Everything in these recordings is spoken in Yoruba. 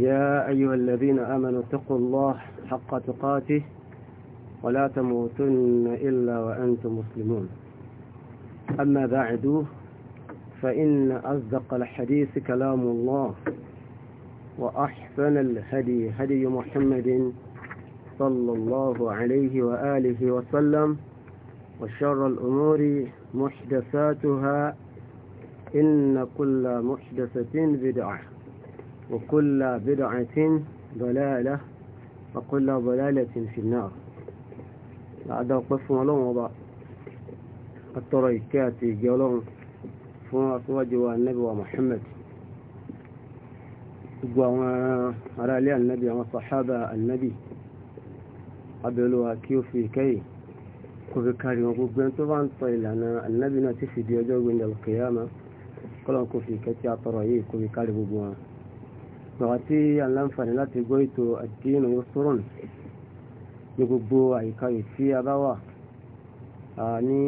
يا أيها الذين آمنوا اتقوا الله حق تقاته ولا تموتن إلا وأنتم مسلمون أما بعد فإن أصدق الحديث كلام الله وأحسن الهدي هدي محمد صلى الله عليه وآله وسلم وشر الأمور محدثاتها إن كل محدثة بدعة وكل بدعة ضلالة وكل ضلالة في النار هذا قف ملون وضع التريكات جلون فون أصواجه النبي ومحمد وعلى لي النبي وصحابة النبي قبلوا كيو في كي وفي كاري وقبين طبعا طيلنا النبي نتفي ديجوه عند القيامة قلوا كفي كتي أطرعيه كفي كاري àwọn tí aláǹfààní láti gbọ́ ètò àdínú yóò sọ̀rọ̀ ní gbogbo àyíká yìí tí a bá wà ní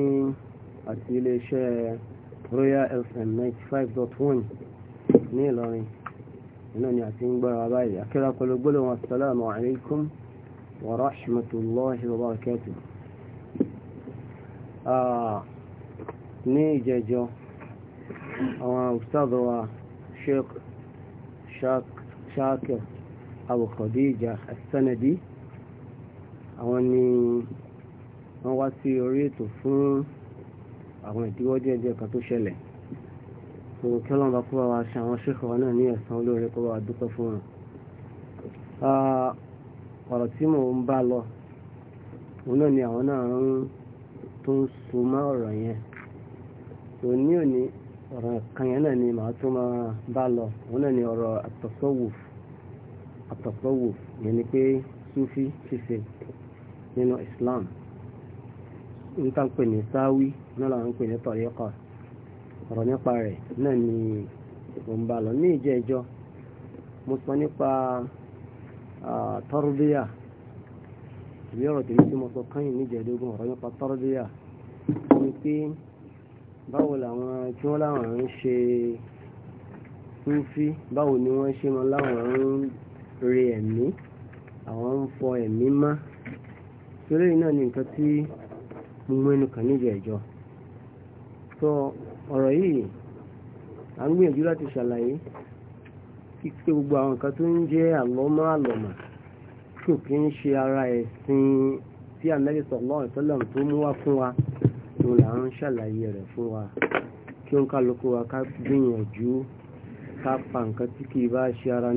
àti iléeṣẹ́ Royal FM ninety five dot one ní Ìlọrin iná ni àti ń gbára báyìí akẹ́rọ akọlọ gbọ́dọ̀ wọn assalamu alaikum wa rahmatullahi wa barakatuh ní ìjẹjọ àwọn ustaz wa sheikh ṣáàkìr Abu Khadija as-Sanadi ni wọ́n wá sí ori eto fún àwọn ìdíwọ́ díẹ̀díẹ̀ kan tó ṣẹlẹ̀ tó kẹ́lọ́n bá kó bá wa ṣe ń bá lọ òun náà ni àwọn náà ń tó ń so mọ́ ọ̀rọ̀ yẹn ọ̀rọ̀ kan yẹn náà ni màá tún máa bá lọ òun náà ni ọ̀rọ̀ àtọ̀sọ́wòf àtọ̀sọ́wòf yẹn ni pé sufi ṣíṣe nínú Islam n ta pè ní sáwí náà làwọn pè ní tọ̀ríkọ̀ ọ̀rọ̀ nípa rẹ̀ náà ni mò ń bá lọ ní ìjẹ́ ìjọ mo sọ nípa tọ́rọ́bíyà ìwé ọ̀rọ̀ tèmi tí mo sọ kányìn níjẹ̀ẹ́dógún ọ̀rọ̀ nípa tọ́rọ́bíyà ni pé báwo làwọn tí wọ́n láwọn ń ṣe súfí báwo ni wọ́n ṣe mọ láwọn ń re ẹ̀mí àwọn ń fọ ẹ̀mí mọ́ torí náà ni nǹkan tí mo mẹ́nu kàn níjẹ̀ ìjọ sọ ọ̀rọ̀ yìí à ń gbìyànjú láti ṣàlàyé kíkẹ́ gbogbo àwọn nǹkan tó ń jẹ́ àlọ́mọ́ àlọ́mọ́ kò kí ń ṣe ara ẹ̀sìn tí Ànábì sallallahu alaihi wasallam tó mú wá fún wa. òun là ń ṣàlàyé rẹ̀ fún wa kí ó ń kálukú wa ká gbìyànjú ká pa nǹkan tí kì í bá ṣe ara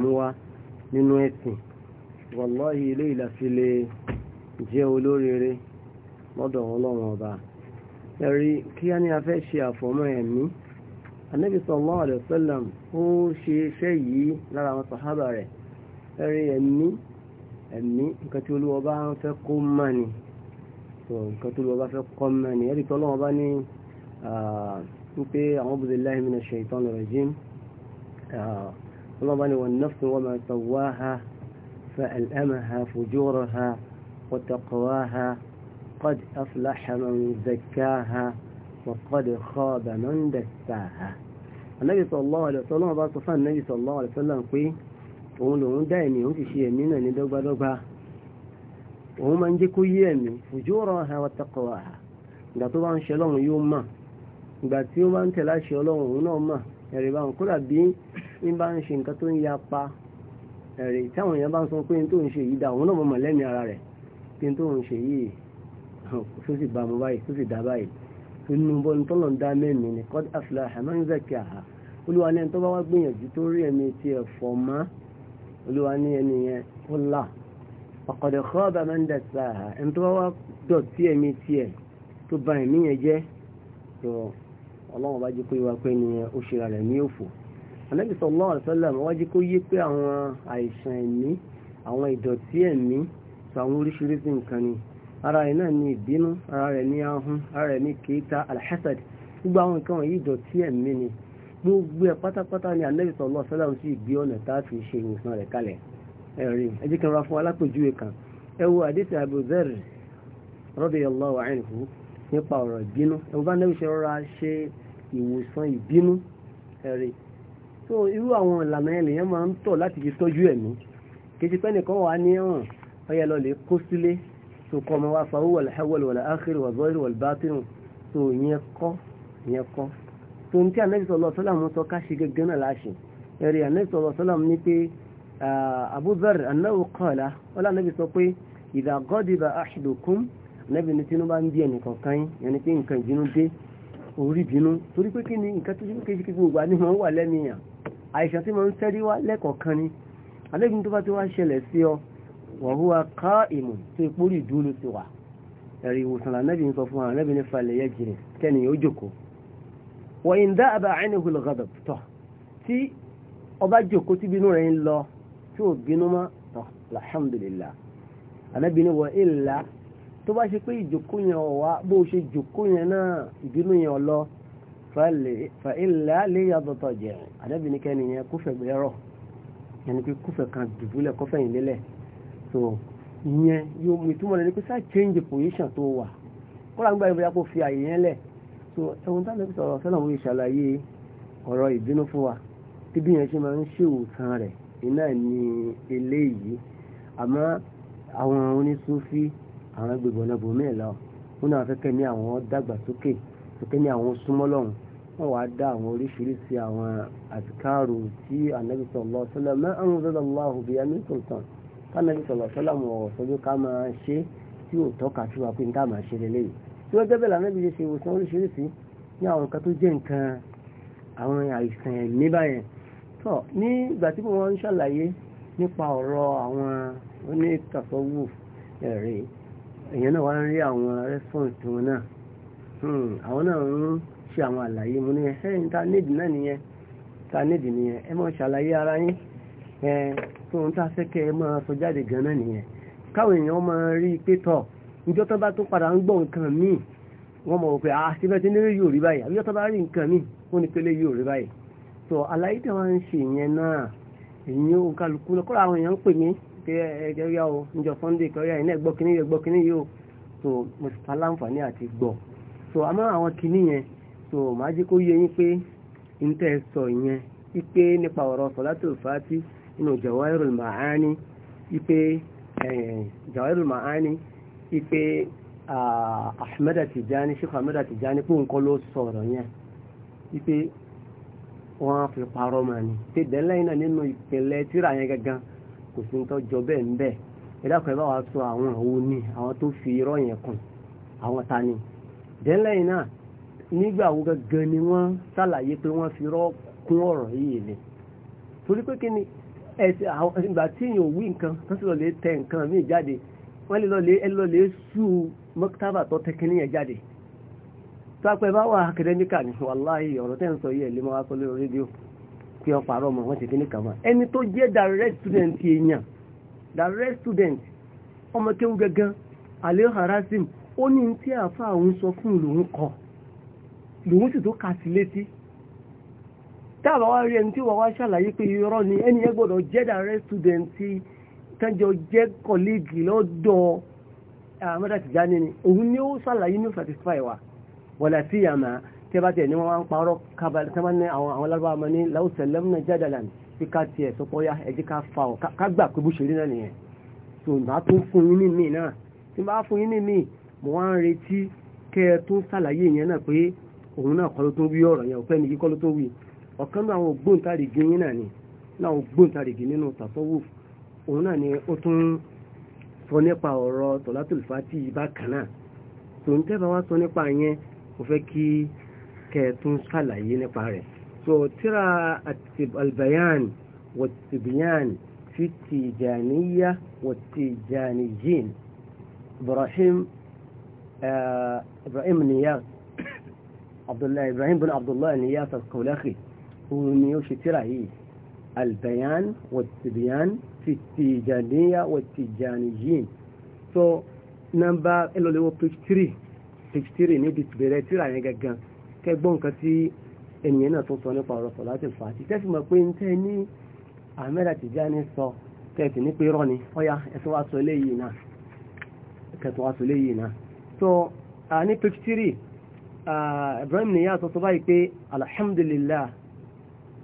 mú wa nínú ẹ̀sìn ilé ìlàsílẹ̀ jẹ́ olóríire lọ́dọ̀ ọba ẹ̀rí kí á ní a fẹ́ ṣe àfọ̀mọ́ ẹ̀mí Ànábì sallallahu alaihi ó ṣe iṣẹ́ yìí lára àwọn sàhábà rẹ̀ ẹ̀rí ẹ̀mí ẹ̀mí nǹkan so nǹkan tó lọ́wọ́ bá fẹ́ kọ́ mọ́ ni ẹ̀rí tọ́lọ́ wọn bá ní wípé a'udhu billahi minash shaitanir rajim ọlọ́wọ́ bá ní wan nafsi wa ma sawwaha فألأمها فجورها وتقواها قد أفلح من زكاها وقد خاب من دساها النبي صلى الله عليه وسلم bá sọ fún النبي صلى الله عليه وسلم pé òun lòun dá ènìyàn ti ṣe òun máa ń jẹ́ kó yé ẹ̀mí wa taqwa ìgbà tó bá ń ṣe ọlọ́run yóò mà ìgbà tí ó bá ń tẹ̀lé àṣẹ ọlọ́run òun náà mà ẹ̀rì bá ń kódà bí ń bá ń ṣe nǹkan tó ń ya pa ẹ̀rì táwọn èèyàn bá ń sọ pé n tó ń ṣe yìí dá òun náà mọ̀ lẹ́mìí ara rẹ̀ pé n tó ń ṣe yìí tó sì bá mu báyìí tó sì dá báyìí tó nu bọ́ ní tọ́lọ̀ ni qad aflaha man zakkaha olúwa ní ẹni tó bá wá gbìyànjú tó rí ẹ̀mí tiẹ̀ fọ̀ mọ́ olúwa ní ẹni yẹn ó ọ̀kọ̀dẹ̀ kọ́ọ̀bà máa ń dàtà ẹni tó bá wá dọ̀tí ẹ̀mí tiẹ̀ tó ba ẹ̀mí yẹn jẹ́ tó ọlọ́run bá jẹ́ kó wá pé ni ó ṣe ra rẹ̀ òfò Ànábì sallallahu alaihi wasallam wá jẹ́ kó yé pé àwọn àìsàn ẹ̀mí àwọn ìdọ̀tí ẹ̀mí tó àwọn oríṣiríṣi nǹkan ni ara rẹ̀ náà ni ìbínú ara rẹ̀ ní ahun ara rẹ̀ ní kéta alhassad gbogbo àwọn nǹkan wọ̀nyí ìdọ̀tí ẹ̀mí ni gbogbo ẹ̀ pátápátá ni Ànábì sallallahu alaihi wasallam sì gbé ọ̀nà tá ṣe ìwòsàn rẹ̀ kalẹ̀ ẹ̀rí ẹjẹ́ kan ra fún alápèjúwe kan ẹ wo àdìsí Abu Dharr radiyallahu anhu nípa ọ̀rọ̀ ìbínú ẹ wo bá nẹ́bí ṣe rọra ṣe ìwòsàn ìbínú ẹ̀rí so irú àwọn ìlànà yẹn lèyàn máa ń tọ̀ láti fi tọ́jú ẹ̀mí kejì pẹ́ nìkan wà ní ọ̀hún ọyẹ lọ lè kó sílé tó kọ́ ọmọ wa fa owó wal awwal Abu Dharr annahu qala wọ́n lá nàbì sọ pé idha ghadiba ahadukum nàbì ní tinú bá ń bí ẹnì kọ̀ọ̀kan yẹn ni pé nǹkan ìbínú dé orí bínú torí pé kí ni nǹkan tó ṣe kéjì kéjì wà ní wọn wà lẹ́mìíyàn àìsàn tí wọ́n ń tẹ́rí wá lẹ́kọ̀ọ̀kan ni alẹ́gbìn tó bá ti wá ṣẹlẹ̀ sí ọ wàhúwa ká ìmọ̀ tó ìpórí ìdúró ti wà ẹ̀rí ìwòsàn lànàbì ń sọ fún àwọn ẹ̀rẹ́bì ní falẹ̀ yẹ jìnnà kẹ́niyàn ó jòkó wọ́n dá àbá àìníhùn lọ́gàdọ̀ tọ̀ tí ọba jòkó tí rẹ̀ ń lọ tí ò bínú mọ́ alhamdulillah ànábì ní wọ ìlà tó bá ṣe pé ìjòkó yẹn ọ̀wá bó ṣe jòkó yẹn náà ìbínú yẹn ọ̀lọ́ fa ìlà lè yàtọ̀tọ̀ jẹ́ ànábì ní kẹ́ni yẹn kúfẹ̀ gbẹ́rọ̀ yẹn pé kúfẹ̀ kan dùbúlẹ̀ kọfẹ̀ yìí lélẹ̀ so ìyẹn yóò mú ìtumọ̀ lẹ́ni pé sáà change position tó wà kọ́lá ń gbà ìbúyá kó fi àyè yẹn lẹ̀ so ẹ̀wọ̀n tá lẹ́bi sọ̀rọ̀ sọ́nà òun ìṣàlàyé ọ̀rọ̀ ìbínú fún wa tí yẹn ṣe máa ń ṣèwòsàn rẹ̀ iná ní eléyìí àmọ́ àwọn onísúfí àwọn gbogbo ọ̀nà bòmíì lọ wọn náà fẹ́kẹ́ ní àwọn dàgbàsókè fẹ́kẹ́ ní àwọn súnmọ́lọ́hún wọ́n wá dá àwọn oríṣiríṣi àwọn àtikáàrò tí ànábì sallallahu alaihi wasallam ma anzalallahu bihi min sultan kánàbì sallallahu alaihi wasallam ọ̀rọ̀ sọ́jọ́ ká máa ṣe tí ò tọ́ka sí wa pé ń dá máa ṣe lélẹ́yìí tí wọ́n jẹ́ bẹ́ẹ̀ lànàbì ṣe ìwòsàn oríṣiríṣi ní àwọn nǹkan tó jẹ́ nǹkan àwọn àìsàn ẹ̀mí báyẹn sọ ní ìgbà tí wọ́n ṣàlàyé nípa ọ̀rọ̀ àwọn onítàfọ́wò ẹ̀rẹ́ èèyàn náà wá ń rí àwọn response náà hmm, náà ń àlàyé mo ni ta nídìí náà nìyẹn ta ṣàlàyé ara yin, ẹ tó ń ta gan káwọn èèyàn rí i pé ìjọ bá padà ń nǹkan míì pé ah, tí yóò rí báyìí bá rí nǹkan míì yóò so àlàyé tí wọ́n ń ṣe yẹn náà èyí ó kálukú lọ kọ́ra àwọn èèyàn ń pè mí pé ẹjọ́ yá o níjọ sunday kọ́ yá ẹ̀ náà gbọ́ gbọ́ kínní yìí o so mo ti fara láǹfààní àti gbọ́ so àmọ́ àwọn kínní yẹn so màá jẹ́ kó yé yín pé n tẹ́ ẹ sọ yẹn ipe nípa ọ̀rọ̀ sọ̀látò fàátì nínú Jawahirul Ma'ani ipe Jawahirul Ma'ani ipe Ahmada Tijani Sheikh Ahmada Tijani pé òun kọ́ ló sọ̀rọ̀ yẹn ipe wọ́n fi parọ́ mà ní te bẹ́ẹ̀ náà nínú ìpìlẹ̀ tíra yẹn gangan kò sí tó bẹ́ẹ̀ ń bẹ́ẹ̀ ẹ bá sọ àwọn ni àwọn tó fi irọ́ yẹn kùn àwọn ta ni náà nígbà wo gangan ni wọ́n ṣàlàyé pé wọ́n fi irọ́ kún ọ̀rọ̀ yìí torí pé kí ni àwọn ìgbà tí ò wí pápẹ́ bá wà akadẹ́míkà ní wàláhì ọ̀rọ̀ tẹ́ ń sọ yìí ẹ̀lẹ́ máa rédíò kí ọ mọ̀ wọ́n ti fi ní ẹni tó jẹ́ direct student èèyàn direct student ọmọ kéwú gangan alẹ́ harasim ó ní tí àfa òun sọ fún lòun kọ lòun sì tó létí wá rí ẹni tí wá pé irọ́ ni ẹni gbọ́dọ̀ jẹ́ direct student wọlé tí yà máa tí a bá tiẹ̀ ní wọ́n wá ń parọ́ kábàlì tí wọ́n ní àwọn àwọn lárúbá máa ní láwùsẹ̀ lẹ́múnà jádàlá tí ká tiẹ̀ sọpọ́ yá ẹ̀jẹ̀ ká fa ọ̀ ká gbà pé bó ṣe rí náà nìyẹn tó bá tún fún yín ní míì náà tí bá fún yín ní míì mo wá ń retí kẹ́ ẹ tún ṣàlàyé yẹn náà pé òun náà kọ́ ló tún wí ọ̀rọ̀ yẹn òpẹ́ nìyí kọ́ ló tún wí ọ̀kan náà àwọn ògbóǹtarìgì yín náà ni láwọn ògbóǹtarìgì nínú ni ó tún sọ nípa ọ̀rọ̀ tọ̀látòlùfà tí ì bá kàn náà tòun tẹ́ bá wá sọ nípa yẹn mo fẹ́ kí kẹtún ṣàlàyé nípa rẹ̀ so tíra albayan wàtìbíyàn fi tìjàníyà wàtìjàníyìn ibrahim eh, ibrahim niyas abdullahi ibrahim bin abdullahi niyas al-kawlakhi òun ni ó ṣe tíra yìí albayan wàtìbíyàn fi tìjàníyà wàtìjàníyìn so number ẹlọ́lẹ́wọ̀ page three sixty níbi bẹ̀rẹ̀ tíra yẹn gangan kẹgbọ́n nǹkan tí ènìyàn náà tún sọ nípa ọ̀rọ̀ sọ̀ láti fà á ti tẹ́sí mọ̀ pé ń tẹ́ ní Ahmed Tijani sọ kẹ̀tì ní pé rọ́ ni ọ̀ya ẹ̀sùn wa sọ eléyìí náà kẹ̀tù wa sọ eléyìí náà so ní page three Ibrahim Niyass sọ báyìí pé alhamdulillah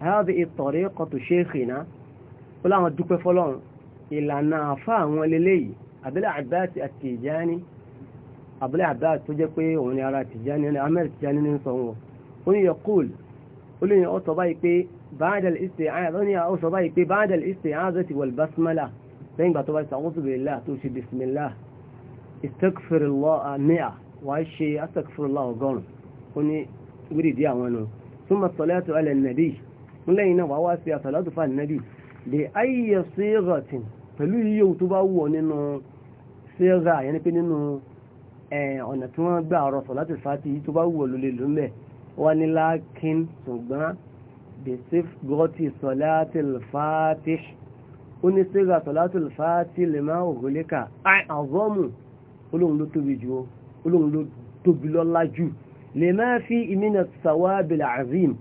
hadhihi tariqatu shaykhina ó láwọn dúpẹ́ fọlọ́run ìlànà àfa àwọn eléyìí Abil Abbas At-Tijani abúlé abdul tó jẹ́ pé òun ni ara tìjáni ní ahmed tìjáni ní sọ wọn ó ní yẹ kúl ó ní ọ sọ báyìí pé báńdàl ìsè àyàzọ ní ọ sọ báyìí pé báńdàl ìsè àyàzọ ti wọl basmala lẹ́yìn ìgbà tó bá ti sàkóso bèèlà tó ṣe bisimilá istakfirullah mi'a wàá ṣe astakfirullah ọgọ́rùn ó ní النبي لينا وواسع صلاة فالنبي بأي وننو صيغة يعني بننو Eh, ọ̀nà tí wọ́n gbà ọ̀rọ̀ sọ̀láti fàtí yìí tó bá wù ọ́ ló lè lò ń bẹ̀ wọ́n ní lákín ṣùgbọ́n bẹ̀sẹ̀f gọ́tì sọ̀láti fàtí ó ní sígà sọ̀láti fàtí lè máa òhùlé kà àgọ́mù olóhùn ló tóbi jù olóhùn ló tóbi lọ́lá jù lè máa fi ìmínà sàwábìlà azim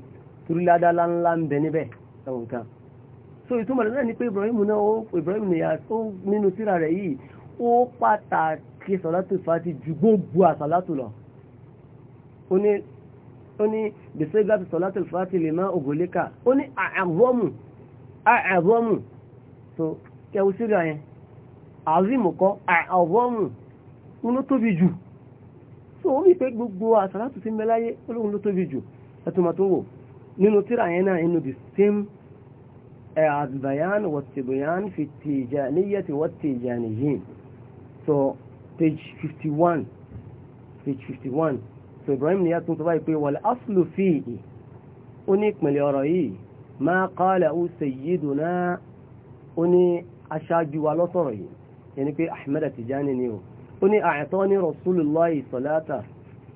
kí sọ̀látù fàtí ju gbogbo àsàlátù lọ ó ní gbèsè gbàtù sọ̀látù fàtí lè má ògòlékà ó ní àẹ̀rọ́mù àẹ̀rọ́mù tó kẹwù síra yẹn àrímù kọ́ àẹ̀rọ́mù ń ló tóbi jù tó ó rí pé gbogbo àsàlátù ti mẹ́láyé olóhun ló tóbi jù ẹtùmọ̀ tó wò nínú tíra yẹn náà inú the same البيان والتبيان في التيجانية والتيجانيين so page fifty one page fifty one so Ibrahim Niyass tún sọ báyìí pé wal aslu fihi ó ní ìpìnlẹ̀ ọ̀rọ̀ yìí ma qalahu sayyiduna ó ní aṣáájú wa lọ́sọ̀rọ̀ yìí yẹni pé Ahmad Tijani ni o ó ní a'tani Rasulullahi salata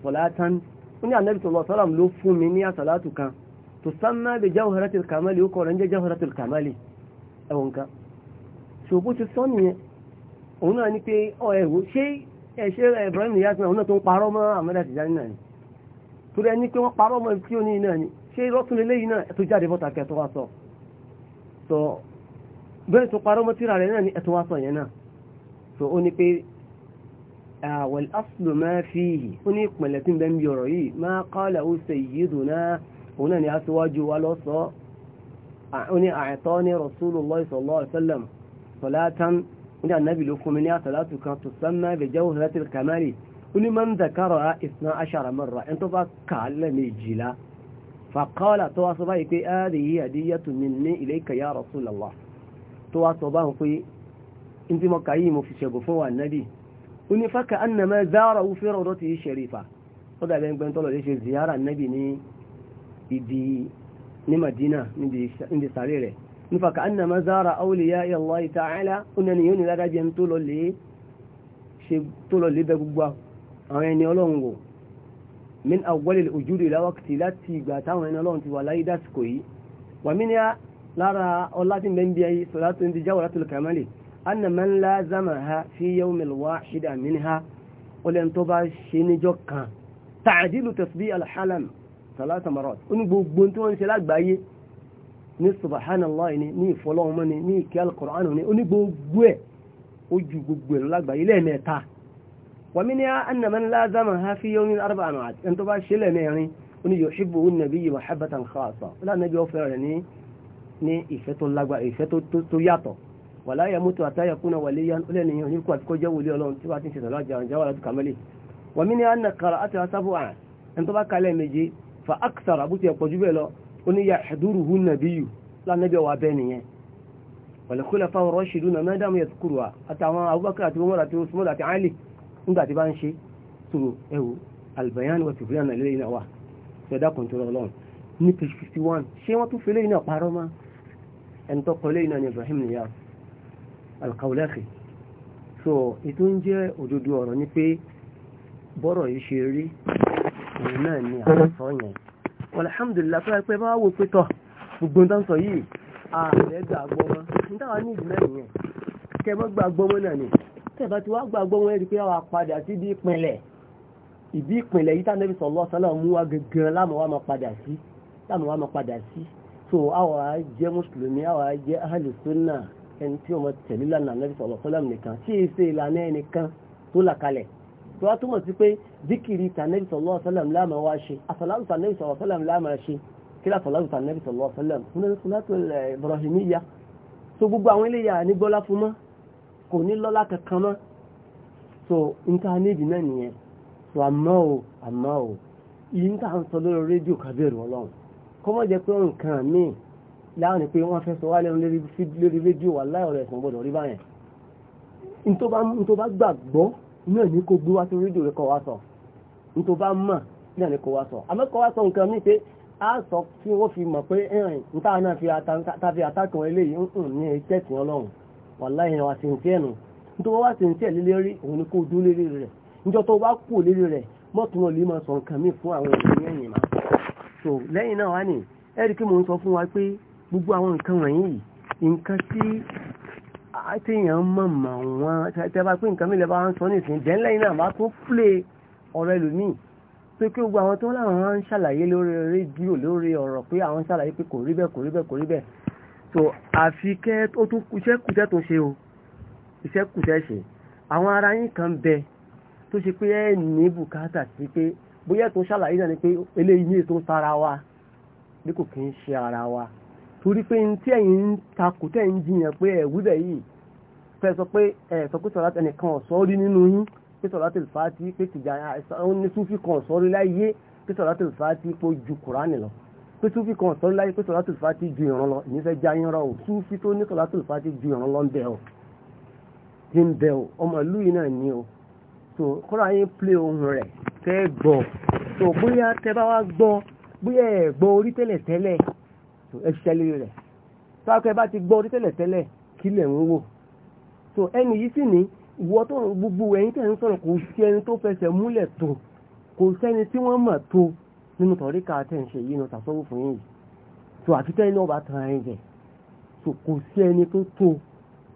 salatan ó ní Ànábì sallallahu alaihi wasallam ló fún mi ní àsàlátù kan tusamma bi jawharatil kamali ó kọ̀ọ̀rọ̀ ń jẹ́ jawharatil kamali ẹ̀wọ̀n kan ṣògbó ti sọ nìyẹn òun náà ní pé ọ ẹ̀wò ṣé ẹ̀ṣẹ́ Ibrahim Inyas náà òun náà tó ń parọ́ mọ́ Ahmed Tijani náà ni torí ẹni pé wọ́n parọ́ mọ́ tí ó ní náà ni ṣé rọ́tún lélẹ́yìn náà tó jáde bọ́ta kẹ́ tó wá sọ sọ bẹ́ẹ̀ tó parọ́ mọ́ tíra rẹ̀ náà ni ẹ̀tún wá sọ yẹn náà so ó ní pé wal aslu ma fihi ó ní ìpìnlẹ̀ tí ń bẹ́ ń bí ọ̀rọ̀ yìí ma qala ó sayyiduna òun náà ní ànábì ló fún mi ní àsàlátù kan tó sánmà bi jawharatil kamali ó ní man dhakara isna ashara marra ẹni tó bá kà á lẹ́ẹ̀mejìlá faqala tó wá sọ báyìí pé hadhihi hadiyatu minni ilayka ya rasulallah tó wá sọ báyìí pé ní tí mo kà yìí mo fi ṣẹ̀bù fún wa ànábì ó ní fákà annama zara ó fẹ́ràn ọ̀dọ́ ti ṣẹ̀rífà ó dàbẹ̀ ń gbẹ́ntọ́lọ̀ lè ṣe ziyara ànábì ní ìdí ní Madina níbi sáré rẹ̀ nífà ká ẹnà máa zára awliya Allah ta'ala ọ̀nà ni yóò ní ládájẹ́ tó lọ lè ṣe tó lọ lè bẹ gbogbo àwọn ẹni ọlọ́run wò min awwalil wujudi ila waqti láti ìgbà táwọn ẹni ọlọ́run ti wà láyé dásìkò yìí wà mí ní lára ọlá tí mẹ́ndí ayé sọ̀rọ̀ tó ń di jawaratul kamali anna man lazamaha fi yawmil wahida minha ọlẹ́ni tó bá ṣe níjọ́ kan ta'dilu tasbih alhalam salata marat ó ní gbogbo ní subhanallah ni ní ìfọlọ́wọ́mọ́ ni ní ìkẹ́ alukur'an ni oní gbogbo ẹ̀ ó ju gbogbo ẹ̀ lágbàáyé lẹ́ẹ̀mẹ́ta wàmí ni anamani lazama hafi yomi arba anu ati ẹni tó bá ṣe lẹ́ẹ̀mẹ́rin oní yóò ṣíbù ó nàbí yìí mahabbatan khassa ó lànà bí ó fẹ́ràn rẹ̀ ní ní ìfẹ́ tó lágbà ìfẹ́ tó yàtọ̀ wàlá yamutu àtàyàkúnà wàlíyàn ó lẹ́nu yìí oníkó àti kọjá wòlé ọlọ́run tí wàá ti ń ṣètò oníyà ẹ̀dúrù hù nàbí yù lánàbí ọwà bẹ́ẹ̀ nìyẹn wàlẹ̀kúlẹ̀ fáwọn rọ́ṣìlú náà mẹ́dàmú yẹ kúrò wa àtàwọn Abubakar àti Umar àti Usman àti Ali nígbà tí bá ń ṣe tòrò ẹ̀wò albayan wa tìfúlẹ̀ náà lélẹ́yìn náà wà ṣẹ̀dá kòǹtòrò ọlọ́run ní page fifty one ṣé wọ́n tún fẹ́lẹ́ iná parọ́ mọ́ ẹni tó kọ́ lẹ́yìn náà ni Ibrahim Niyass al so ètò ń jẹ́ òdodo ọ̀rọ̀ ni pé bọ́rọ̀ yìí ṣe rí òun náà ni àṣọ yẹn alhamdulillah tó ẹgbẹ́ bá wò pé tọ́ gbogbo tó ń sọ yìí ààrẹ gbàgbọ́ mọ́ ní táwọn ní ìdí náà nìyẹn kẹ mọ́ gbàgbọ́ mọ́ náà ni tẹ̀bá tí wá gbàgbọ́ wọn rí pé wà padà sí ibi ìpínlẹ̀ ìbí ìpínlẹ̀ yìí tánẹ́bí sallallahu alaihi wasallam mú wa gẹ̀gẹ̀rẹ̀ láàmú wa máa padà sí láàmú wa máa padà sí so àwa jẹ́ mùsùlùmí àwa jẹ́ ahlu ẹni tí ó tẹ̀lé lánàá nẹ́bí sallallahu alaihi wasallam nìkan tí èsè tó wá túmọ̀ sí pé díkìrì tànẹ́bì sallallahu alaihi wasallam láàmà wá ṣe àsàlátù tànẹ́bì sallallahu alaihi wasallam láàmà ṣe kí àsàlátù tànẹ́bì sallallahu alaihi wasallam fún ẹni so gbogbo àwọn eléyà ní gbọ́lá fún mọ́ kò ní so nta níbi náà so àmọ́ o àmọ́ o yìí ń tà ń sọ lórí rédíò kábẹ́rù ọlọ́run kọ́mọ́ jẹ́ pé nǹkan míì láàrin pé wọ́n fẹ́ sọ wá lẹ́nu lórí náà ní kò gbé wá sí rédíò rẹ̀ kọ́ wá sọ nítorí o bá mọ̀ náà ní kò wá sọ àmọ́ kọ́ wá sọ nǹkan mí pé a sọ tí wọ́n fi mọ̀ pé ẹ̀rìn níta náà fi tàbí àtàkùn eléyìí ń hùn ní iṣẹ́ tí ọlọ́run wàláhì wa sì ń tiẹ̀ nù nítorí wá sì ń tiẹ̀ rí òun ni kò dún lérí rẹ̀ níjọ́ tó bá kù lérí rẹ̀ mọ́tún so lẹ́yìn náà wá ní ẹ̀rí wa pé gbogbo àwọn nǹkan wọ̀nyí àtẹ̀yàn mọ̀mọ̀ wọn tẹ́bá pé nǹkan mílẹ̀ bá ń sọ ní ìsìn dẹ́n lẹ́yìn náà bá tún plé ọ̀rọ̀ ẹlòmíì pé kí gbogbo àwọn tó láwọn ń ṣàlàyé lórí rédíò lórí ọ̀rọ̀ pé àwọn ṣàlàyé pé kò rí bẹ́ẹ̀ kò rí bẹ́ẹ̀ kò rí bẹ́ẹ̀ so àfi kẹ́ ó tún iṣẹ́ kùṣẹ́ tó ṣe o iṣẹ́ kùṣẹ́ ṣe àwọn ara yín kan bẹ tó ṣe pé ẹ bùkátà sí pé bóyá tó ṣàlàyé náà ni pé eléyìí tó sára wa bí kò kí ń ṣe ara wa torí pé ní tí ẹ̀yin ń takò tẹ̀ ń jiyàn pé ẹ̀wúbẹ̀ yìí fẹ́ sọ pé ẹ sọ pé sọ̀rọ̀ ẹnìkan ọ̀sọ́ rí nínú yín pé sọ̀rọ̀ àti ìfàtí pé tìjà àwọn ní súfì kan ọ̀sọ́ rí láyé pé sọ̀rọ̀ àti ìfàtí pé ju kùránì lọ pé súfì kan ọ̀sọ́ rí láyé pé sọ̀rọ̀ àti ìfàtí ju ìran lọ ìyẹn fẹ́ já yín rọ o súfì tó ní sọ̀rọ̀ àti ìfàtí ju ìran lọ ń bẹ o ti ń bẹ o ọmọ ìlú yìí náà ní o so kọ́ra yín plé ohun rẹ̀ tẹ́ gbọ́ so bóyá tẹ́ bá wá gbọ́ bóyá ẹ̀ gbọ́ orí tẹ́lẹ̀ tẹ́lẹ̀ ẹ̀ ṣẹlẹ̀ rẹ̀ sáà kẹ́ bá ti gbọ́ orí ń wò so ẹni yìí sì ní ìwọ tó ń gbogbo ẹ̀yin tẹ̀ ń sọ̀rọ̀ kò sí ẹni tó fẹsẹ̀ múlẹ̀ tó kò sẹ́ni tí wọ́n mọ̀ tó nínú tọ̀ríkà tẹ̀ yìí nù tàṣọ́wọ́ fún yìí so àti tẹ́ iná ọba tan ẹ̀yìn jẹ̀ so kò sí ẹni tó tó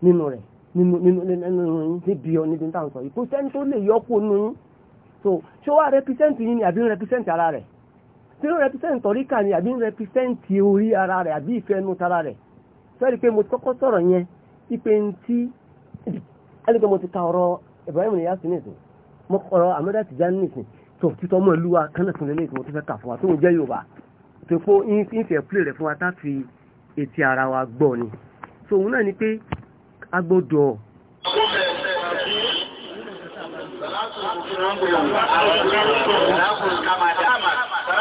nínú rẹ̀ nínú nínú nínú níbi ọ níbi tá à ń sọ yìí kò sẹ́ni tó lè yọkù nù yín so ṣé wàá rẹpísẹ́ǹtì yín ni àbí ń rẹpísẹ́ǹtì ara rẹ̀ tí ń rẹpísẹ́ǹtì tọ̀ríkà ni àbí ń rẹpísẹ́ǹtì orí ara rẹ̀ àbí ìfẹ́ nu tara rẹ̀ sẹ́ni pé mo kọ́kọ́ sọ̀rọ̀ yẹn ẹni pé mo ti ka ọ̀rọ̀ Ibrahim ní yasi nìsín mo ọ̀rọ̀ Amada Tijani nìsín tó títọ́ ọmọ ìlú wa kánà tún lélẹ́yìn tí mo tún fẹ́ kà fún wa tó ń jẹ́ Yorùbá tó kó ìfẹ́ pílẹ̀ rẹ̀ fún wa táfi etí ara wa gbọ́ ni so òun náà ni pé a gbọ́dọ̀ Thank you.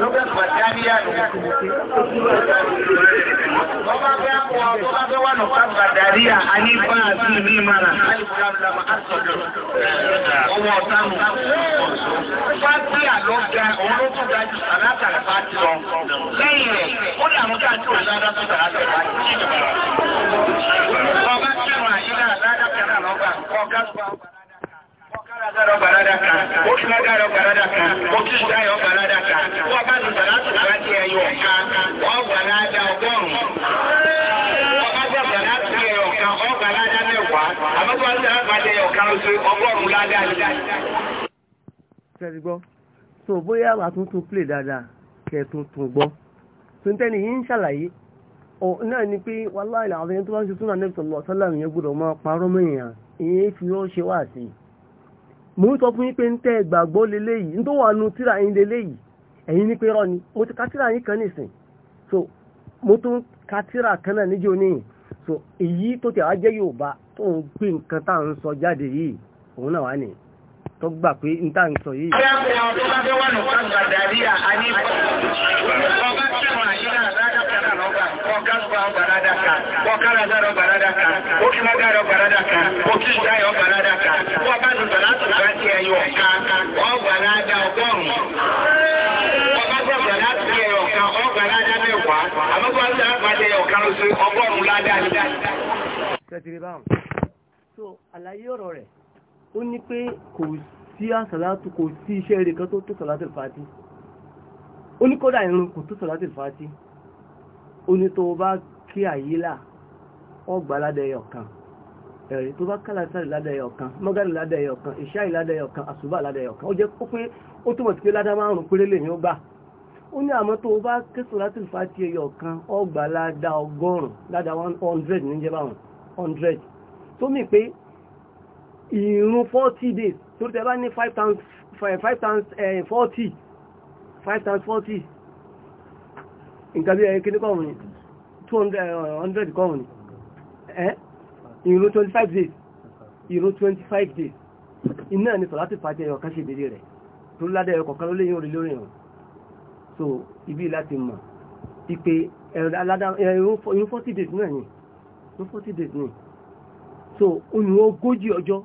lókè pàjáníyà nù. Bọ́bá bẹ́ kọ́ bọ́bá bẹ́ wà nù pàjáníyà anífà àti ìlú ìmàrà. Ọwọ́ ọ̀tánù. Fátí àlọ́gà òun ló tún dájú sàlátà ọ gbàládà kan ó fúnra dára o kan ó túṣu ya gbàládà kan wọ́n bá ti sàlá tó bá ti ẹyọ ọ̀kan wọ́n gbàládà ọgọ́rùn gbà tó bóyá dáadáa kẹ́ mo ń sọ fún yín pé ń tẹ́ ìgbàgbọ́ leléyìí ń tó wà nu tíra yín leléyìí ẹ̀yin ní pé rọ ni mo ti ka tíra yín kan nìsín so mo tún ka tíra kan náà níjó níyìn so èyí tó ti àwájẹ́ Yorùbá tó ń gbé nǹkan tá à ń sọ jáde yìí òun náà wà ní tó gbà pé ń tà ń sọ yìí. ọ̀rẹ́ àpẹẹrẹ ọ̀tọ́ bá fẹ́ wà nù ọba ọgbàrádà kan ọkàràdàrọ ọgbàrádà kan òkìlágàrọ ọgbàrádà kan òkìṣáyọ ọgbàrádà kan wọ́n bá nù sọ̀látù bá ti ẹyọ ọ̀kan ọgbàrádà ọgọ́rùn-ún ọba gbọ́dọ̀ láti ẹyọ ọ̀kan ọgbàrádà mẹ́wàá àmọ́gbọ́n sọ̀látù bá ti ẹyọ ọ̀kan oṣù ọgọ́rùn-ún ládàá tẹ́tìrì báwọn. so àlàyé ọ̀rọ̀ rẹ̀ ó ní pé kò sí àsàlátù kò sí iṣẹ́ rẹ̀ kan tó tó sàlátù fàátì ó ní kódà irun kò tó sàlátù fàátì oní tó bá kí àyílà ọgbà ládẹyọ kan ẹ̀rí tó bá kálásárì ládẹyọ kan mọ́gàrì ládẹyọ kan ìṣáì ládẹyọ kan àṣùbà ládẹyọ kan ó jẹ́ kó pé ó túmọ̀ sí pé ládá márùn-ún péré lè ní ó gbà ó ní àmọ́ tó bá ké sọ̀rọ̀tì fàtí ẹyọ kan ọgbà ládá ọgọ́rùn ládá one hundred níjẹ́ báwọn hundred tó mì pé ìrún forty days torí tẹ bá ní five times five times eh, forty five times forty nǹkan bí ẹ̀kẹ́ kọ́ọ̀rùn ní 200 kọ́ọ̀rùn ní ẹ́ ìrún 25 days ìrún 25 days iná ní sọ̀láti fàájì ẹ̀yọ̀ kan ṣe dédé rẹ̀ tó ládá ẹ̀yọ̀ kọ̀ọ̀kan ló léyìn orí lórí ẹ̀hùn so ibi láti mọ̀ ipe ìrún 40 days náà ni ìrún 40 days ni so olùwọ́ ogójì ọjọ́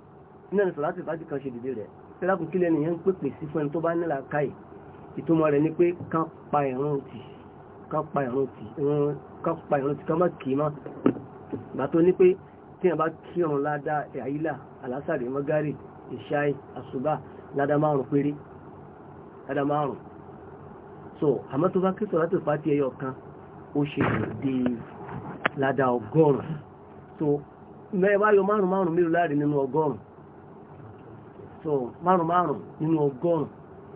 iná ni sọ̀láti fàájì kan ṣe dédé rẹ̀ tẹ́lákùn kílẹ̀ nìyẹn ń pèpè sí fún ẹni tó bá nílà káì ìtumọ̀ rẹ̀ ni pé kán pa ìrún òtì kápa ìrún tì ká má kì í má gbà tó ní pé tí wọ́n bá kí ọ̀run ládá àyílà alásàrí mọ́gárì ìṣáì àṣùbà ládá márùn péré ládá márùn so àmọ́ tó bá kíkọ̀ láti fàtí ẹyọ kan ó ṣe dé ládá ọgọ́rùn so mẹ́rin báyọ márùn márùn mélòó láàrin nínú ọgọ́rùn so márùn márùn nínú ọgọ́rùn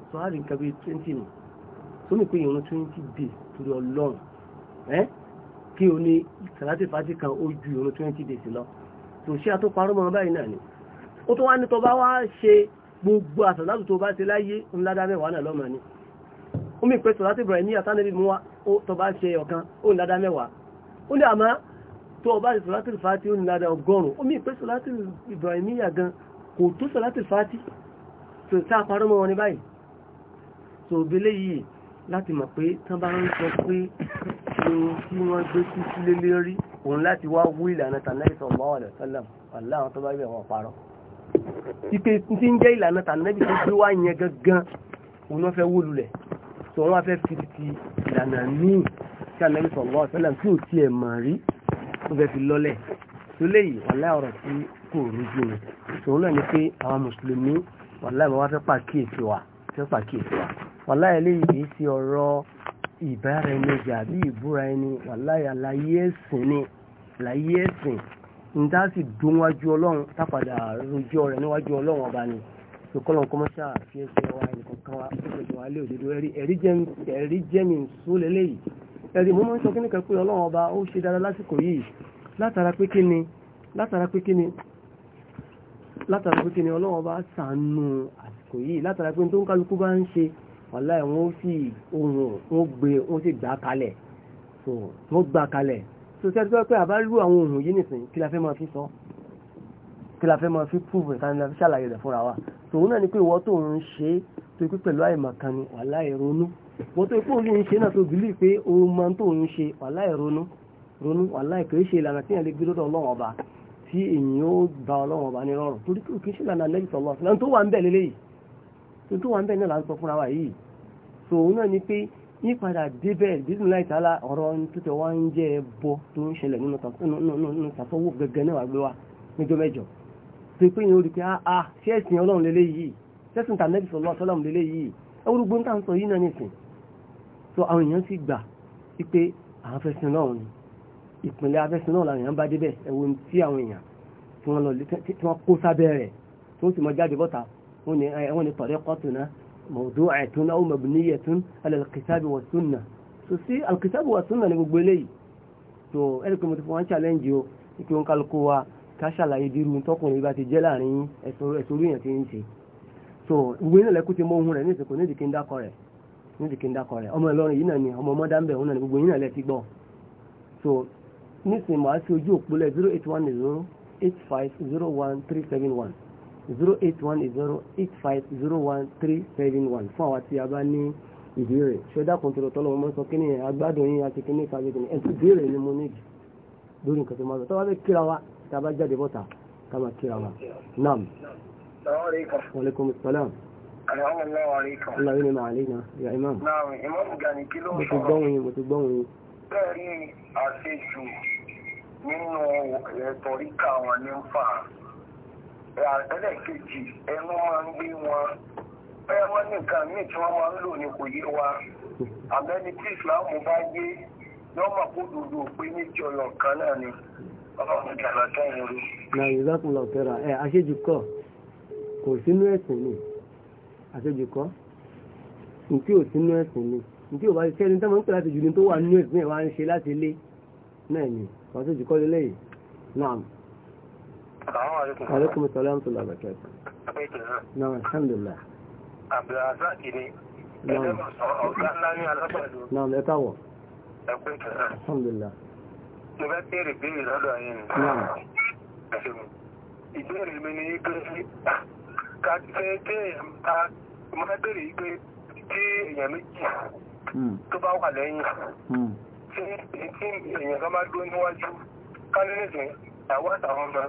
so á rí nǹkan bíi twenty nù tó ní pé ìrún twenty days torí ọlọ́run ẹ́ kí o ní sàlátì fàájì kan ó ju ìrún twenty days lọ tó ṣé àtó parọ́ mọ́ báyìí náà ni ó tó wá ní tó bá wá ṣe gbogbo àsàlátù tó bá ṣe láyé ńládá mẹ́wàá náà lọ́mọ ni ó mì pé sàlátì Ibrahim ní àtànẹ́bí mú wa tó bá ṣe ọ̀kan ó ńládá mẹ́wàá ó ní àmọ́ tó o bá ṣe sàlátì fàájì ó ńládá ọgọ́rùn-ún ó mì pé sàlátì Ibrahim níyà gan kò tó sàlátì fàájì tó tá parọ́ mọ́ wọn ní báyìí tó o yìí láti mọ̀ pé tán bá ń sọ pé ohun tí wọ́n gbé sí sílé lérí òun láti wá wú ìlànà tànẹ́bì sallallahu alaihi wasallam aláwọn tó bá rí àwọn ọ̀parọ́ ipe tí ń jẹ́ ìlànà tànẹ́bì tó gbé wá yẹn gangan òun wọ́n fẹ́ wó lulẹ̀ tó wọ́n fẹ́ fi ti ìlànà míì tí tànẹ́bì sallallahu alaihi wasallam tí ò tiẹ̀ mọ̀ rí tó fẹ́ fi lọ́lẹ̀ tó léyìí wàláhì ọ̀rọ̀ tí kò rújú ni tòun náà ni pé àwọn mùsùlùmí wàláhì ìmọ̀ wá fẹ́ pàkíyèsí wa tí ó pàkíyèsí wa wàláyé léyìí kìí ṣe ọ̀rọ̀ ìbára ẹni ìbúra ẹni wàláyé aláyé ẹ̀sìn ni láyé ẹ̀sìn ní tá a sì dún wájú ọlọ́run tápadà rojọ́ rẹ̀ níwájú ọlọ́run ọba ni ìkọlọ̀ kọmọ́ṣà fi ẹsẹ̀ wa ẹnìkan kan wa ẹsẹ̀ wa lé òdodo ẹ̀rí jẹ́mi sólẹ̀ léyìí ẹ̀rí mo máa ń sọ kí ní kẹ́kọ̀ọ́ ọlọ́run ọba ó ṣe dára lásìkò yìí látara pé kí ni látara pé kí ni látara pé kíni ọlọ́wọ́ bá sànú àsìkò yìí látara pé tó ń kálukú bá ń ṣe wàlá ẹ̀ wọ́n fi ohun wọ́n gbé wọ́n sì gbà kalẹ̀ so wọ́n gbà kalẹ̀ so ṣe àtúntò pé àbá lú àwọn ohun yìí nìsín kí la fẹ́ máa fi sọ kí la fẹ́ máa fi púùfù ìtàn la fi ṣàlàyé rẹ̀ fúnra wa so náà ni pé ìwọ tó ń ṣe tó ikú pẹ̀lú àìmọ̀kan ni wàlá ẹ̀ ronú wọ́n tó ikú òun ṣe náà tó bìlí pé ohun máa tó ń ṣe wàlá ẹ̀ ronú ronú wàlá ẹ̀ kì í ṣe ìlànà tí tí èyí ó gba ọlọ́run ọba ní rọrùn torí kí n ṣe lànà lẹ́yìn tọ́lọ́ ọ̀sán tó wà ń bẹ̀ lélẹ́yìí tó tó wà ń bẹ̀ náà là sọ fúnra wa yìí so òun náà ni pé yípadà débẹ̀ bísí láì tààlà ọ̀rọ̀ tó tẹ wá ń jẹ́ ẹbọ tó ń ṣẹlẹ̀ nínú tàfọwọ́ gẹ́gẹ́ náà wà gbé wa níjọ́ mẹ́jọ tó pé yẹn ó rí pé ah, ah ṣé ẹ̀sìn ọlọ́run lélẹ́yìí sẹ́sìn tà nẹ́bí sọ̀lọ́ ọ̀sọ́lọ́run lélẹ́yìí ẹwúrúgbó ń tà so àwọn èèyàn sì gbà wípé àwọn fẹsẹ̀ ìpínlẹ̀ abẹ́sìn náà làwọn èèyàn bá débẹ̀ ẹ̀wọ̀n tí àwọn èèyàn tí wọ́n lọ tí wọ́n kó sábẹ́ rẹ̀ tí wọ́n sì mọ jáde bọ́ta wọ́n ní ẹ̀wọ̀n ní tariqatuna mawdu'atun aw mabniyatun ala al-kitabi wa sunnah so sí al-kitabi wa sunnah ní gbogbo eléyìí so ẹ̀rì pé mo ti fún wọn challenge o kí wọ́n kálukú wa ká ṣàlàyé bí irú tọkùnrin bá ti jẹ́ láàrin ẹ̀sọ́rú èèyàn nísìnyí màá fi ojú òpó zero eight one zero eight five zero one three seven one zero eight one zero eight five zero one three seven one fún àwa tí a bá ní ìbéèrè ṣẹdá kan tọrọ tọlọmọ mọ sọ kíni agbádùn yín àti kíní kan kíni ẹ ti béèrè ni mo níbi lórí nǹkan tó máa sọ tọ́wọ́ bẹ kíra wa tá a bá jáde bọ́ta ká máa kíra wa nam. wàleykum salaam. alhamdulilayi wa aleykum. alayi ni maa aleyna ya imam. naam imam gani kí ló ń sọ̀rọ̀. mo ti gbọ́ wọn yín mo ti gbọ́ wọn yín. bẹ́ẹ̀ ni àṣejù nínú ẹ̀tọ̀ríkà wọn ní ń fà ẹlẹ́ẹ̀kejì ẹnu máa ń gbé wọn bẹ́ẹ̀ wọ́n ní nǹkan míì tí wọ́n máa ń lò ní kò yé wa àbẹ́ni tí ìsìláàmù bá yé lọ́mọ kó dodo pé méjì ọ̀yọ̀ náà ni ọlọ́run jàlá kẹ́yìn rí. na ìlọ́kùnlọ fẹ́ra ẹ àṣejù kọ kò sínú ẹ̀sìn ni àṣejù kọ nítí ò sínú ẹ̀sìn ni nítí ò bá ṣẹ́ni tó máa ń pè láti jù ní tó wà nínú ẹ̀sìn ẹ̀ wá ń ṣe láti lé náà ni wọ́n sì jùkọ́ lélẹ̀ yìí náà. aleykum salaam tó lọ́wọ́ kẹ́ náà alhamdulilah. abdulrasaq ni ẹgbẹ́ ọ̀gá ńlá ní alábàdó. náà ẹ káwọ̀. ẹgbẹ́ kẹsàn-án. alhamdulilah. mo fẹ́ bèèrè bèèrè lọ́dọ̀ yín ni. náà. ìbéèrè mi ni pé ká fẹ́ kéèyàn ká mo fẹ́ bèèrè yìí pé méjì hmm. tó bá wà lẹ́yìn. Hmm tí èèyàn kan bá dúró níwájú kánínìtì àwọn àtàwọn ọmọ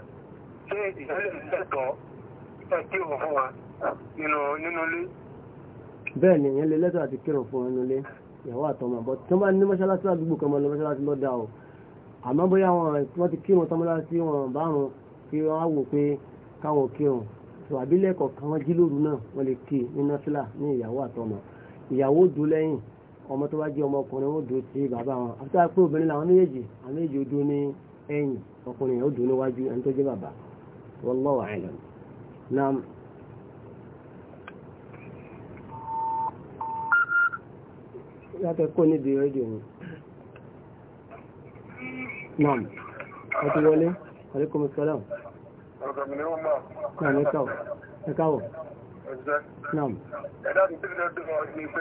ṣé ìdílé lẹ́tọ̀ọ́ ẹ kírun fún wa nínú nínú ilé. bẹ́ẹ̀ ni ìyẹn lè lẹ́tọ̀ọ́ àti kírun fún wa nínú ilé ìyàwó àtọmọ bọ́ tí wọ́n bá ní mọ́ṣáláṣí àdúgbò kan mọ́ lọ mọ́ṣáláṣí lọ́dà o àmọ́ bóyá wọn wọ́n ti kírun tọ́mọ́lá sí wọn bárun kí wọ́n á wò pé káwọn kírun tó àbílẹ̀ kọ̀ọ̀kan wọn jí lóru náà wọ́n lè kí ní nọ́fìlà ní ìyàwó àtọmọ ìyàwó dùn ọmọ tó bá jẹ́ ọmọkùnrin ó dúró sí bàbá wọn àti àpé obìnrin làwọn méjèèjì àwọn méjèèjì ó dúró ní ẹ̀yìn ọkùnrin yẹn ó dúró níwájú ẹni tó jẹ́ bàbá wallahu a'lam naam. yàtọ̀ kó níbi rédíò ni naam ẹ ti wọlé aleykum salaam. ọ̀rọ̀ mi ni wọ́n mọ̀. naam ẹ káwọ̀ ẹ káwọ̀. naam. ẹ̀dá mi ti fi lọ́dún ọ̀gbìn pé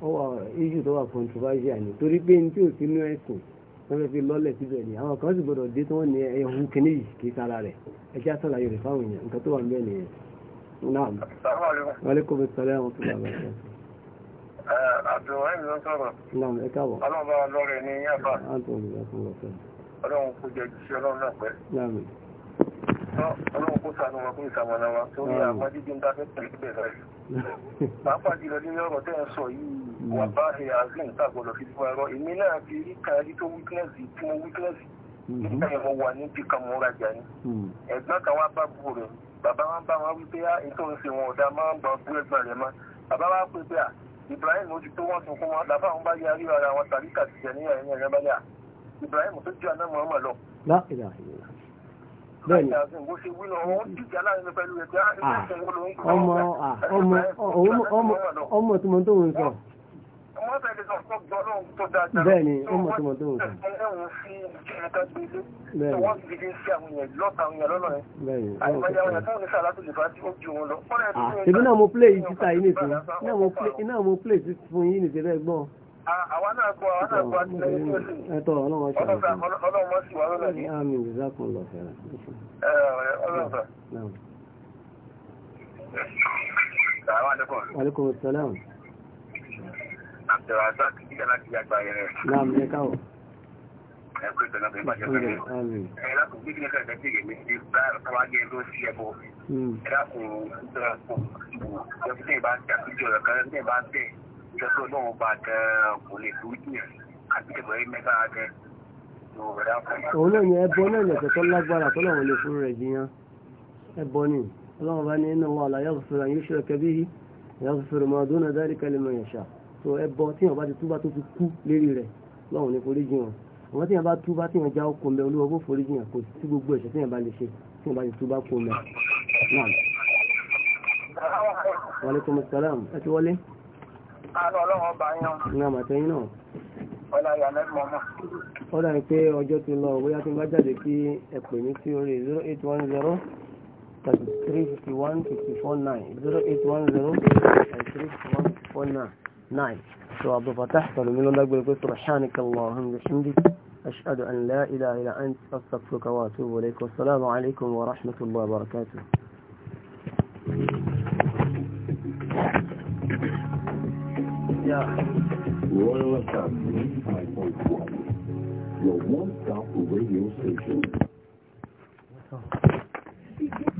iṣu tó wà controversial ni torí pé ní tí ò sínú ẹ̀sìn wọ́n fẹ́ fi lọ́lẹ̀ síbẹ̀ ni àwọn kan sì gbọ́dọ̀ dé tí wọ́n ní ẹ̀hún kìíní yìí kì í sára rẹ̀ ẹjẹ́ àtàlàyé rẹ̀ fáwọn èèyàn nǹkan tó wà níbẹ̀ nìyẹn. naam aleykum salaam wa rahmatulah. Eh, abdulrahim ló sọ̀rọ̀. naam ẹ káàbọ̀. ọlọ́run bá lọ́rẹ̀ ní ọlọ́run kò jẹ́ ọlọ́run náà pẹ́. Mm. wàbáhì azim tàgbọ̀lọ̀ fi fún ẹ̀rọ èmi náà ti rí kàrí tó wíkínẹ́sì tí mo wíkínẹ́sì mm-hmm. nígbà yẹn mo wà ní kíkà mo rajà ni mm. ẹ̀gbọ́n kan wá bá bú rẹ̀ bàbá wọn bá wọn wípé á ah, ètò ń ṣe wọn ọ̀dà máa ń gbọ́n bú ẹ̀gbọ́n rẹ̀ mọ́ bàbá wa pé pé ah, à Ibrahim ó ti tó wọ́n sunkún wọn làbá àwọn bá yarí ara wọn tàbí kàtìjẹ níyà ẹ̀yìn ẹ̀rẹ́ báyà Ibrahim tó jù àná mọ́ ọmọ ah, lọ. bẹ́ẹ̀ni ọmọ ọmọ ọmọ tí mo tó ń sọ bẹ́ẹ̀ni ó mọ̀ tó mọ̀ tó mọ̀ tó bẹ́ẹ̀ni ìbí náà mo play yìí títà yìí nìkan náà mo play yìí fún yìí nìkan bẹ́ẹ̀ gbọ́n. àwọn náà gbọ́ àwọn náà gbọ́ àti ẹ̀yìn ẹ̀tọ́ ọlọ́wọ́n ṣe ọlọ́wọ́n sì wà lọ́nà ní. àmì ìzákùn lọ fẹ́ràn. ọlọ́wọ́n. aleykum salaam. Abdulrazak nígbà láti yàgbà yẹrẹ. Láàmú ẹ káwọ̀. Ẹ pé ìtọ́nà pé bàjẹ́ pẹ̀lú. Ẹ lákòó bí kí ní kẹ́kẹ́ tí èmi ti bá ọ̀tọ́wá gé ló sí ẹbọ. Ẹ lákòó ìtọ́nà kò ìbò. Ẹ fi tẹ́yìn bá ń ṣàkóso ọ̀rọ̀ kan tẹ́yìn bá ń bẹ̀. Ìjọsọ náà bá gan-an kò lè lójú yẹn. Àti ìjọba yìí mẹ́ta gẹ. Òun náà ni ẹbọ lágbára tó lọ́wọ́ lè fún rẹ̀ jiyàn. Ẹbọ ni ọlọ́run bá ní inna Allah la yaghfiru an yushraka bihi wa yaghfiru ma duna dhalika liman yasha' tó ẹbọ tí wọn bá ti túbá tó ti kú lérí rẹ̀ lọ́wọ́n ní foríjì wọn àwọn tí wọn bá túbá tí wọn já ó kọmẹ olúwa bó foríjì wọn kò sí gbogbo ẹ̀ṣẹ̀ tí wọn bá lè ṣe tí wọn bá ti túbá kọmẹ. wàlẹ́kùn mùsàlám ẹ ti wọlé. àánú ọlọ́run ọba yín. ní àmàtẹ́yìn náà. ọlá ìyá mẹ́fọ́ mọ́. ó dà ní pé ọjọ́ ti lọ bóyá tí n bá jáde kí ẹ pè mí sí orí zero eight one zero thirty three fifty one fifty four nine zero eight one zero thirty three fifty one fifty four nine. نعم شعب من الله يقول بالقول سبحانك اللهم بحمدك أشهد أن لا إله إلا أنت أستغفرك وأتوب إليك والسلام عليكم ورحمة الله وبركاته Royal Academy your one-stop radio station.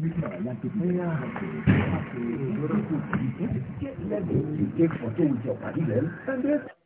Thank